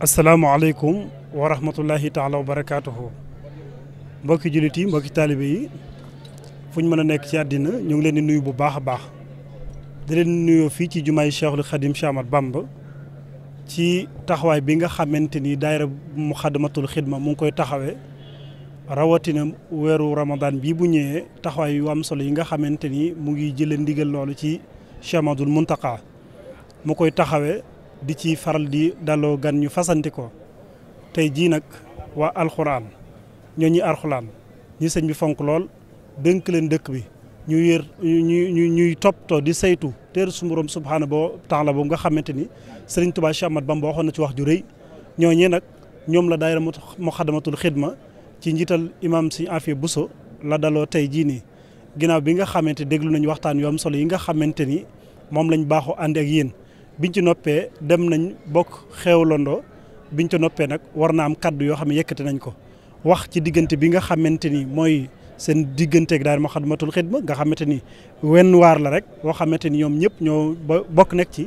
asalaamaaleykum wa rahmatullahi taala wa barakaatuhu mbokki jullit yi mbokki taalibe yi fu ñu mën a nekk ci àddina ñu ngi leen di nuyu bu baax a baax di nuyoo fii ci jumaay Cheikhul xadim Cheikh Ahmad ci taxawaay bi nga xamante ni daayira Muxaddamatul Xidma mu ngi koy taxawee rawatina weeru Ramadan bii bu ñëwee taxawaay yu solo yi nga xamante ni mu ngi jëlee ndigal loolu ci Cheikh Ahmadul Muntaqa mu koy taxawee di ci faral di daloo gan ñu fasanti ko tey jii nag waa alxuraan ñooñu ñi ñi sëñ bi fonk lool dënk leen dëkk bi. ñu yër ñuy topp too di saytu téere su borom subhaana boo taala boobu nga xamante ni Serigne Touba Cheikh Ahmad Bamba waxoon na ci wax ju rëy ñooñee nag ñoom la daayira Muxaddamatul Xidma ci njiital imam si bu so la daloo tey jii nii ginnaaw bi nga xamante déglu nañu waxtaan yu am solo yi nga xamante ni moom lañ baaxoo ànd ak yéen biñ ci noppee dem nañ bokk xeewlandoo biñ ci noppee nag war na am kaddu yoo xam ne yëkkati nañ ko wax ci diggante bi nga xamante ni mooy seen digganteeg daal ma xadmatul xidma nga xamante ni wenn waar la rek boo xamante ni ñoom ñëpp ñoo bokk nekk ci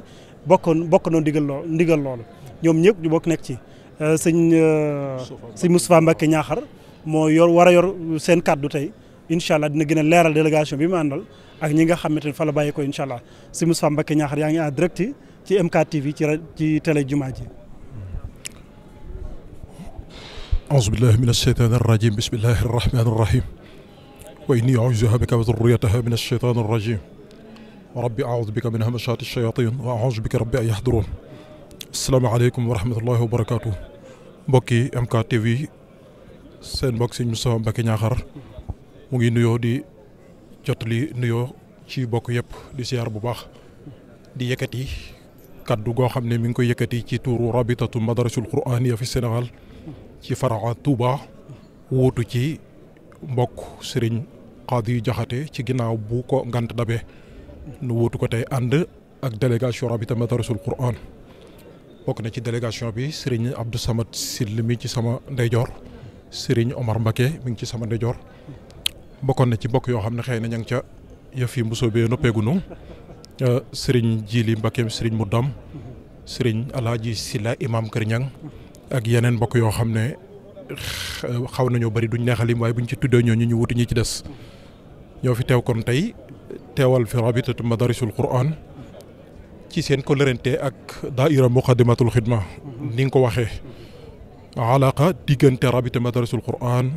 bokkoon bokk noo ndigal lool ndigal loolu ñoom ñëpp ñu bokk nekk ci euh, sëñ euh, sëñ Moustapha Mbacké Ñaaxar moo yor war a yor seen kaddu tey incha allah dina gën a leeral délégation bi mu àndal ak ñi nga xamante ni fa la bàyyi ko incha allah sëñ Moustapha Ñaaxar yaa ngi en direct ci MK TV ci ci télé Jumaa ji أعوذ بالله من الشيطان الرجيم بسم الله الرحمن الرحيم وإني أعوذها بك وذريتها من الشيطان الرجيم ربي أعوذ بك من همشات الشياطين وأعوذ بك ربي أن يحضرون asalaamaaleykum wa rahmatullahi wa barakaatu MKTV seen mbokk sëñ Moustapha Mbacké mu ngi nuyoo di jotali nuyoo ci bokk yëpp di siyaar bu baax di yëkkati kaddu goo xam ne mi ngi koy yëkkati ci tuuru rabitatu madarasul quraaniya fi Sénégal ci faran Touba wuutu ci mbokk sëriñ Xaadi Jaxate ci ginnaaw bu ko ngant dabe nu wuutu ko tey ànd ak délégation rabita madarasul Qur'an bokk na ci délégation bi sëriñ Abdou Samad Sill mi ci sama ndeyjoor sëriñ Omar Mbacke mi ngi ci sama ndeyjoor bokkoon na ci mbokk yoo xam ne xëy na ña ngi ca yëf yi mbusoo bee noppeegunu euh, sëriñ Jili Mbackeem sëriñ Mudam sëriñ Alaaji Silla Imam Kër Ñang ak yeneen mbokk yoo xam ne xaw nañoo bari duñ neex a lim waaye buñ ci tuddee ñoo ñu wuti ñi ci des ñoo fi teew kon tey teewal fi rabitatu madarisul quran ci seen kollërante ak daaira muqaddimatul xidma ni nga ko waxee alaqa diggante rabita madarisul quran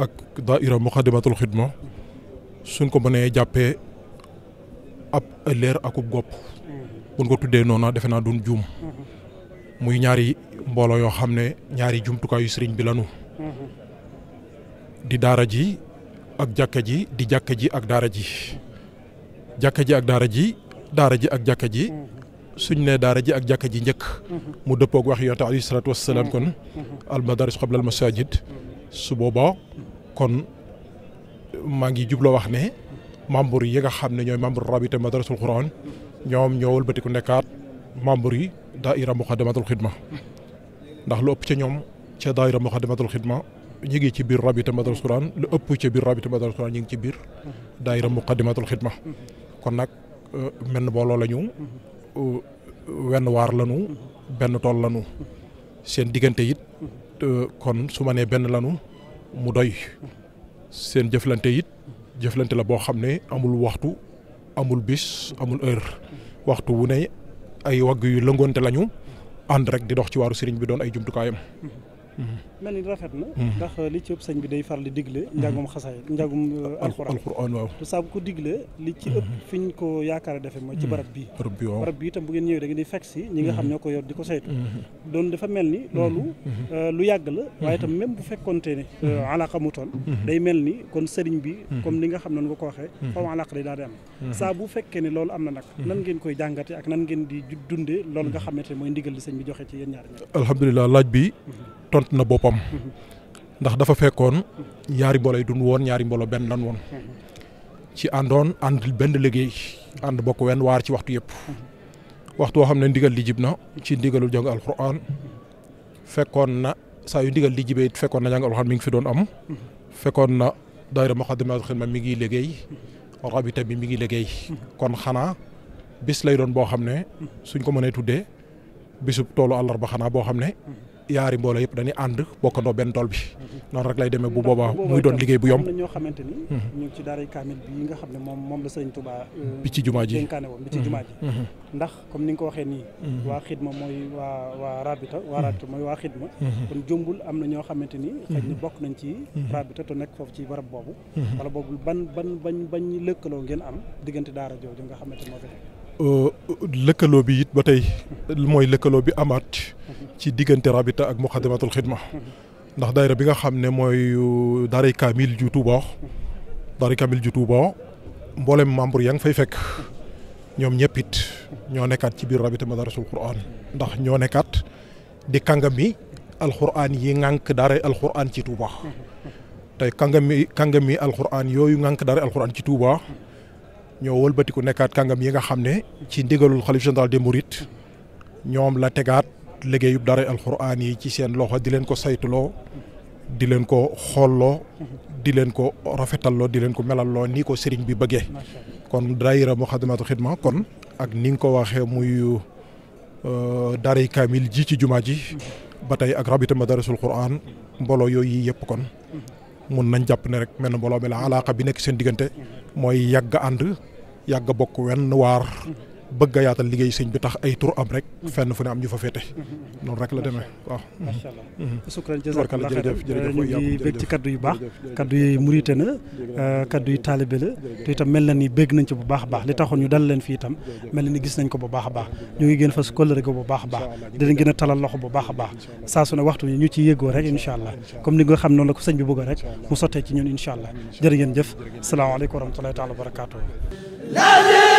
ak daaira muqaddimatul xidma suñ ko mënee jàppee ab ëlleer akub gopp mm-hmm. buñ ko tuddee noona defe naa duñ juum mm-hmm. muy ñaari mbooloo yoo xam ne ñaari jumtukaayu sëriñ bi lanu di daara ji ak jàkka ji di jàkka ji ak daara ji jàkka ak daara ji daara ji ak jàkka ji suñ ne daara ji ak jàkka ji njëkk mu dëppook wax yonent alayhi salaatu wassalaam kon al madaris qabla su booba kon maa ngi jubloo wax ne membre yi nga xam ne ñooy membre rabita madarasul quran ñoom ñoo wëlbatiku nekkaat membre yi daaira muqaddamatul xidma ndax lu ëpp ca ñoom ca daayira Moukhaddamatoul Khidma ñu ngi ci biir rabita madrasa Quran lu ëpp ca biir rabita madrasa Quran ñu ngi ci biir daayira Moukhaddamatoul Khidma kon nag euh, menn booloo lañu euh, wenn waar lanu benn tool lanu seen diggante it euh, kon su ma nee benn lanu mu doy seen jëflante it jëflante la boo xam ne amul waxtu amul bis amul heure waxtu wu ne ay wagg yu lëngoonte lañu ànd rek di dox ci waaru sëriñ bi doon ay jumtukaayam mel ni rafet na hmm. ndax li ci ëpp sëñ bi day far di digle njàngum xasaay njàngum alxuraan alxuraan waaw te saa ko digle li ci ëpp hmm. fi ñu ko yaakaar defe mooy ci barab hmm. bi barab bii tam bu ngeen ñëwee da di fekk si ñi nga xam ñoo yor di ko saytu doon dafa mel ni loolu euh, lu yàgg la waaye itam même bu fekkonte ne euh, alaqa mu toon day mel ni kon sëriñ bi comme li nga xam noonu nga ko waxee faw alaqa day daal am saa bu fekkee ne loolu am na nag nan ngeen koy jàngate ak nan ngeen di dundee lool nga xamante ne mooy ndigal li sëñ bi joxe ci yéen ñaar alhamdulilah laaj bi tontu na boppam ndax dafa fekkoon ñaari mbooloo yi dund woon ñaari mbooloo benn lan woon ci àndoon ànd benn liggéey ànd bokk wenn waar ci waxtu yëpp waxtu woo xam ne ndigal di jib na ci ndigalul jàng alxuraan fekkoon na saa yu ndigal fekkoon na jàng alxuraan mi ngi fi doon am fekkoon na daayira Moukhaddamatoul Khidma mi ngi liggéey rabita bi mi ngi liggéey kon xanaa bis lay doon boo xam ne suñ ko mënee tuddee bisub toolu àllarba xanaa boo xam ne yaari mbooloo yëpp dañuy ànd bokkandoo benn tool bi noonu rek lay demee bu boobaa muy doon liggéey bu yomb ñoo xamante ni mhm. ñu ngi ci daaray kaamil bi nga xam ne moom moom la sëriñ Touba euh, bi ci jumaa ji dénkaane woon bi ci mhm. jumaa ji mhm. ndax comme ni nga ko waxee nii waa xidma mooy waa waa mooy waa xidma kon jombul am na ñoo xamante ni bokk nañ ci rabita te nekk foofu ci barab boobu wala boobu ban ban bañ bañ lëkkaloo ngeen am diggante daara jooju nga xamante moo lëkkaloo bi it ba tey mooy lëkkaloo bi amaat ci diggante Rabita ak Moukhaddamatoul Khidma ndax daayira bi nga xam ne mooy daaray Kaamil ju Tuuba daaray Kaamil ju Tuuba mboolem membre yaa ngi fay fekk ñoom ñëpp it ñoo nekkaat ci biir Rabita Madarasul Qur'an ndax ñoo nekkaat di kàngami alxuraan yi ngànk daaray alxuraan ci Tuuba tey yooyu ngànk ci Tuuba ñoo wëlbatiku nekkaat kàngam yi nga xam ne ci ndigalul xalif général des mourides ñoom la tegaat liggéeyub dara alxuraan yi ci seen loxo di leen ko saytuloo di leen ko xoolloo di leen ko rafetalloo di leen ko melalloo nii ko sëriñ bi bëggee kon daayira Muxaddamatul Xidma kon ak ni nga ko waxee muy euh, daray kaamil ji ci jumaa ji ba tey ak rabita madarisul xuraan mbooloo yooyu yëpp kon mun nañ jàpp ne rek mel na mbooloo mi la alaaka bi nekk seen diggante mooy yàgg ànd yàgg bokk wenn waar bëgg a yaatal liggéey sëñ bi tax ay tur am rek mhm. fenn fu ne am ñu fa féete mhm. noonu rek la demee waaw mhm. ñu ngi bég ci kaddu yu baax kaddu yi murite na euh, kaddu yi taalibe la te itam mel na ni a baax li taxoon ñu dal leen fii itam mel na ni gis nañ ko bu baax baax ñu ngi gën fas kóllëre ko bu baax a baax dinañ gën a talal loxo bu baax a baax saa su ne waxtu ñu ci yëgoo rek incha allah comme ni nga xam noonu la ko sëñ bi bëgg rek mu sottee ci ñun incha allah jërë ngeen jëf salaamaaleykum wa rahmatullahi taala wa